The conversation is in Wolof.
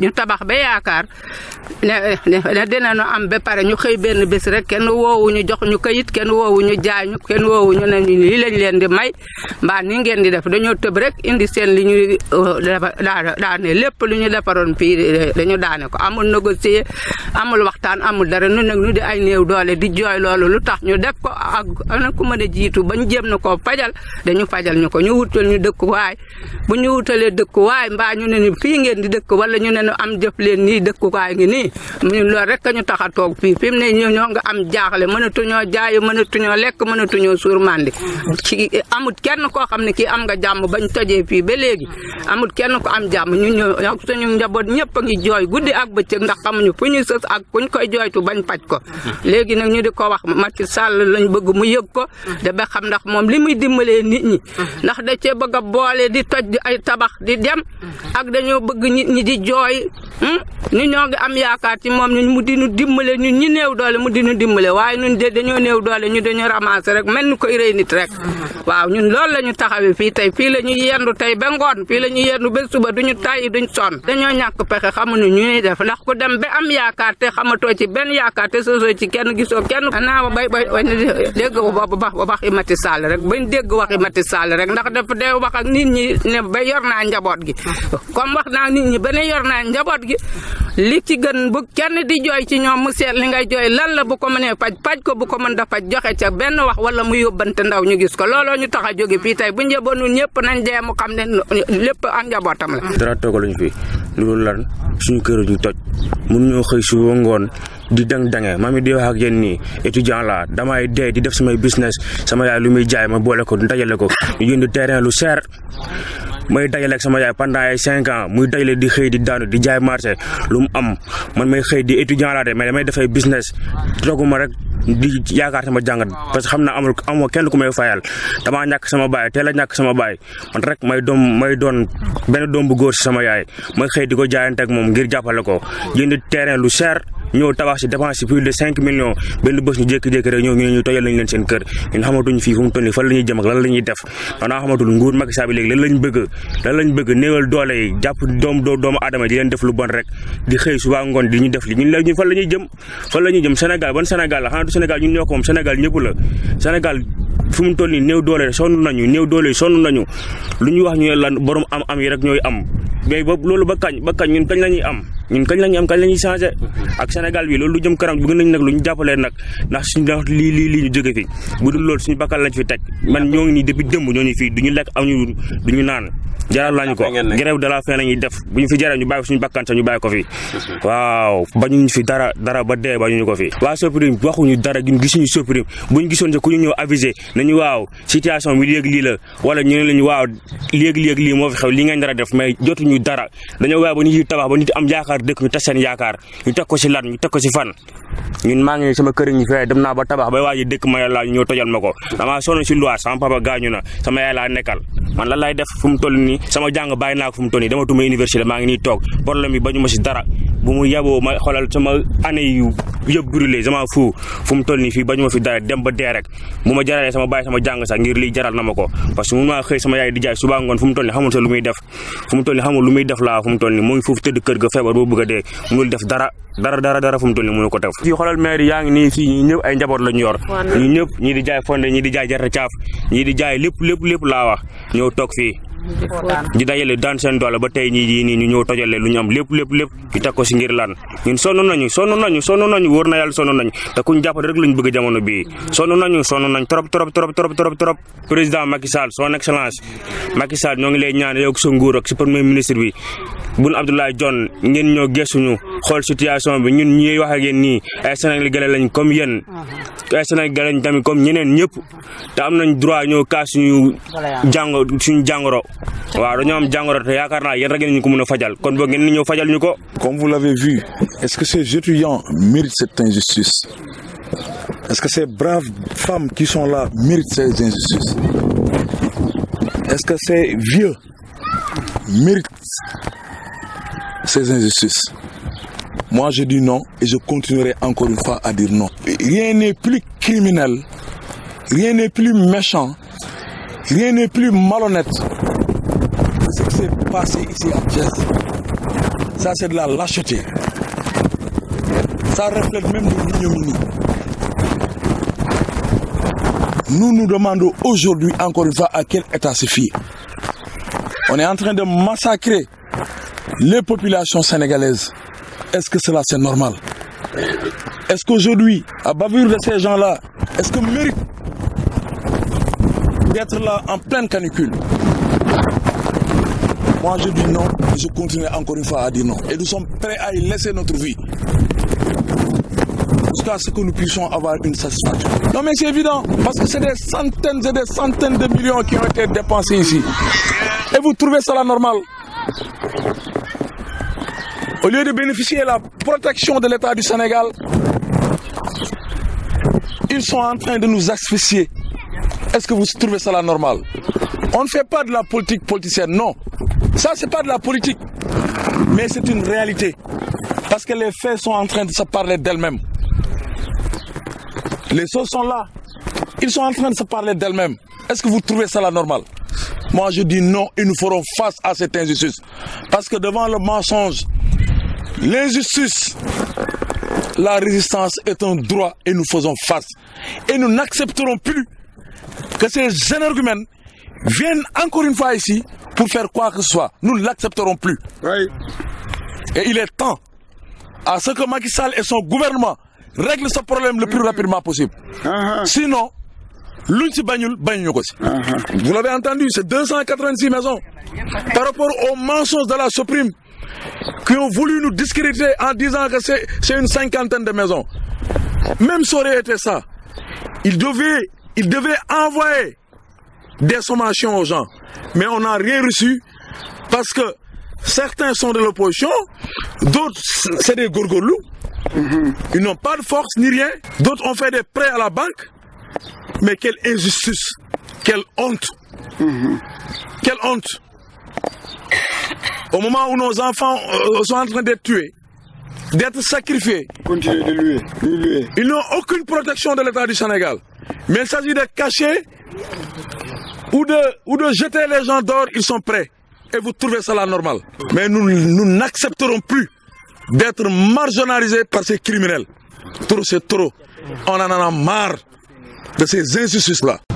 ñu tabax ba yaakaar ne ne dinañu am ba pare ñu xëy benn bés rek kenn ñu jox ñu kayit kenn ñu jaay ñu kenn ñu ne ñu lii lañ leen di may mbaa ni ngeen di def dañoo tëb rek indi seen li ñu daane lépp lu ñu defaroon fii dañu daane ko amul négocier amul waxtaan amul dara nu nag nu di ay néew doole di jooy loolu lu tax ñu def ko ak ana ku mën jiitu ba ñu jéem na koo fajal dañu fajal ñu ko ñu wutal ñu dëkkuwaay bu ñu wutalee dëkkuwaay mbaa ñu ne ñu fii ngeen am jëf leen ko ay ngi ni ñu lo rek ñu tax a fi ne ñu ñoo nga am jaaxle mënatuñoo jaay lek mëna mënatuñoo suur mandi ci amut kenn ko xamne ki am nga jamm bañ tojee fi ba amut kenn ko am jamm ñu ñoo ak suñu njabot ñepp ngi joy guddi ak becc ndax xamuñu fu ñu sës ak kuñ koy tu bañ pacc ko léegi nak ñu di ko wax Macky Sall lañ bëgg mu yëg ko da ba xam ndax mom limuy dimbalé nit ñi ndax da ci bëgg boole di toj ay tabax di dem ak dañu bëgg nit ñi di joy mooy hmm? ñu ñoo ngi am yaakaar ci moom ñu mu dinu dimbale ñun ñi néew doole mu dinu dimbale waaye ñun de dañoo néew doole ñu dañu ramassé rek mel ni koy rey nit rek mm-hmm. waaw ñun loolu la ñu taxawee fii tey fii la ñu yendu tey ba ngoon fii la ñu yendu ba suba duñu tàyyi duñ sonn dañoo ñàkk pexe xamuñu ñu ñuy def ndax ko dem ba am yaakaar te xamatoo ci benn yaakaar te soosoo ci kenn gisoo kenn xanaa bay bay dégg ba waxi Macky Sall rek bañ dégg waxi Macky Sall rek ndax dafa dee wax ak nit ñi ne ba yor naa njaboot gi mm-hmm. ak njabot gi li ci gën bu kenn di joy ci ñoom mu seet li ngay joy lan la bu ko mëne paj paj ko bu ko mën da paj joxe ca benn wax wala mu yobante ndaw ñu gis ko looloo ñu taxa jóge fii tey bu njaboonu ñëpp nañ dee mu xam ne lépp ak njabotam la. dara toogaluñ fi loolu lan suñu kër ñu toj mun ñoo xëy su ngoon di dang dange mami di wax ak yeen ni étudiant la damay dee di def samay business sama yaay lu muy jaay ma boole ko ndajale ko ñu yëndu terrain lu cher may dajale ak sama yaay pendant ay cinq ans muy dajale di xëy di daanu di jaay marché lu mu am man may xëy di étudiant laa de mais damay dafay business tooguma rek di yaakaar sama jàngat parce que xam naa amul amul kenn ku may fayal damaa ñàkk sama baay teel a ñàkk sama baay man rek may doom may doon benn doom bu góor si sama yaay may xëy di ko jaayante ak moom ngir jàppale ko jënd terrain lu cher. ñëw tabax si dépense si plus de cinq millions benn bés ñu jékki-jékki rek ñëw ñu ne ñu tojal nañ leen seen kër ñun xamatuñ fii fu mu toll nii fan la ñuy jëm ak lan la ñuy def xanaa xamatul doole yi jàpp doom doomu aadama di leen def lu bon rek di xëy suba ngoon di ñu def li ñun la ñu fan la ñuy jëm fan la ñuy jëm Sénégal ban Sénégal la xanaa du Sénégal ñun ñoo ko moom Sénégal ñëpp la mu toll nii néew doole sonn nañu néew doole sonn nañu lu ñu wax ñu lan borom am am yi rek ñooy am mais boobu loolu ba kañ ñun kañ la am ñun kañ la am kañ la ñuy changé mhm. ak Sénégal bi loolu lu jëm kanam bëgg nañ nag lu ñu jàppalee nag ndax suñu ndax lii lii lii ñu jóge fi bu du loolu suñu bakkal lañ fi teg man ñoo ngi nii depuis démb ñoo ñu fii duñu lekk du ñu naan jaral lañu ko grève de la faim la ñuy def bu ñu fi jaree ñu bàyyi suñu bakkan ñu bàyyi ko fi waaw bañuñu fi dara dara ba dee bañuñu ko fi waa Soprim waxuñu dara ñun gisuñu Soprim bu ñu gisoon ku ñu ñëw avisé nañu waaw situation bi léegi lii la wala ñu ne lañu waaw léegi-léegi lii moo fi xew li ngeen dara def mais jotuñu dara dañoo waaye ba nit yi tabax ba am yaakaar dëkk ñu teg seen yaakaar ñu teg ko si lan ñu ko si fan ñun maa ngi sama kër ñu dem naa ba tabax bay waaji dëkk ma yàlla ñu ñëw tojal ma ko damaa sonn si luwaas sama papa gaañu na sama yaay laa nekkal man lan laay def fu mu toll nii sama jàng baay naa ko fu mu toll nii dama tuma université maa ngi nii toog problème bi bañu ma si dara bu mu yaboo ma xoolal sama année yu yëpp brûlé sama fu fu mu toll nii fii bañu ma fi dara dem ba dee rek bu ma jaralee sama bàyyi sama jàng sax ngir lii jaral na ma ko parce que mun maa xëy sama yaay di jaay suba ngoon fu mu toll nii xamul sax muy def fu mu toll nii xamul lu muy def laa fu mu toll nii mu ngi tëdd kër ga feebar boo bëgg a dee munul def dara dara dara dara fu mu toll ko def fii xoolal maire yaa ngi nii fii ñi ñëpp ay njaboot lañu ñi ñëpp ñii di jaay fonde ñii di jaay jarte caaf ñii di jaay lépp lépp lépp laa wax di dajale daan seen doole ba tay ñi yii nii ñu ñoo tojale lu ñu am lepp lepp lepp ñu takko ci ngir lan ñun sonu nañu sonu nañu sonu nañu wor na yalla sonu nañu te kuñ japp rek lañ bëgg jamono bi sonu nañu sonu nañ trop trop trop trop trop trop président Macky Sall son excellence Macky Sall ñoo ngi lay ñaan yow so nguur ak ci premier ministre bi bun Abdullah John ñen ñoo ñu xol situation bi ñun ñi wax ak yéen nii ay eh, Sénégalais lañ comme yeen ay eh, Sénégalais lañ tamit comme ñeneen ñëpp ta am nañ droit ñoo kaas ñu suñu jàngoro comme vous l'avez vu est-ce que ces étudiants méritent cette injustice est-ce que ces braves femmes qui sont là méritent ces injustices est-ce que ces vieux méritent ces injustices moi je dis non et je continuerai encore une fois à dire non. rien n'est plus criminel rien n'est plus méchant rien n'est plus malhonnête passer ici à Thiès, ça c'est de la lâcheté. Ça reflète même de l'ignominie. Nous nous demandons aujourd'hui encore une fois à quel état se fier. On est en train de massacrer les populations sénégalaises. Est-ce que cela c'est normal Est-ce qu'aujourd'hui, à bavure de ces gens-là, est-ce que mérite d'être là en pleine canicule moi, je dis non, et je continue encore une fois à dire non. Et nous sommes prêts à y laisser notre vie. Jusqu'à ce que nous puissions avoir une satisfaction. Non, mais c'est évident, parce que c'est des centaines et des centaines de millions qui ont été dépensés ici. Et vous trouvez cela normal Au lieu de bénéficier de la protection de l'État du Sénégal, ils sont en train de nous asphyxier. Est-ce que vous trouvez cela normal on ne fait pas de la politique politicienne, non. Ça, c'est pas de la politique. Mais c'est une réalité. Parce que les faits sont en train de se parler d'elles-mêmes. Les choses sont là. Ils sont en train de se parler d'elles-mêmes. Est-ce que vous trouvez ça la normale Moi, je dis non et nous ferons face à cette injustice. Parce que devant le mensonge, l'injustice, la résistance est un droit et nous faisons face. Et nous n'accepterons plus que ces énergumènes viennent encore une fois ici pour faire quoi que ce soit. Nous ne l'accepterons plus. Et il est temps à ce que Macky Sall et son gouvernement règlent ce problème le plus mm-hmm. rapidement possible. Uh-huh. Sinon, Uh -huh. Sinon, vous l'avez entendu, c'est 286 maisons. Par rapport aux mensonges de la Supreme qui ont voulu nous discréditer en disant que c'est une cinquantaine de maisons. Même si ça aurait été ça, il devait ils devaient envoyer des sommations aux gens. Mais on n'a rien reçu parce que certains sont de l'opposition, d'autres c'est des gorgolous. Mm-hmm. Ils n'ont pas de force ni rien. D'autres ont fait des prêts à la banque. Mais quelle injustice, quelle honte. Mm-hmm. Quelle honte. Au moment où nos enfants euh, sont en train d'être tués, d'être sacrifiés, ils n'ont aucune protection de l'État du Sénégal. Mais il s'agit de cacher ou de, jeter les gens dehors, ils sont prêts. Et vous trouvez cela normal. Mais nous, n'accepterons plus d'être marginalisés par ces criminels. Trop, c'est trop. On en a marre de ces injustices-là.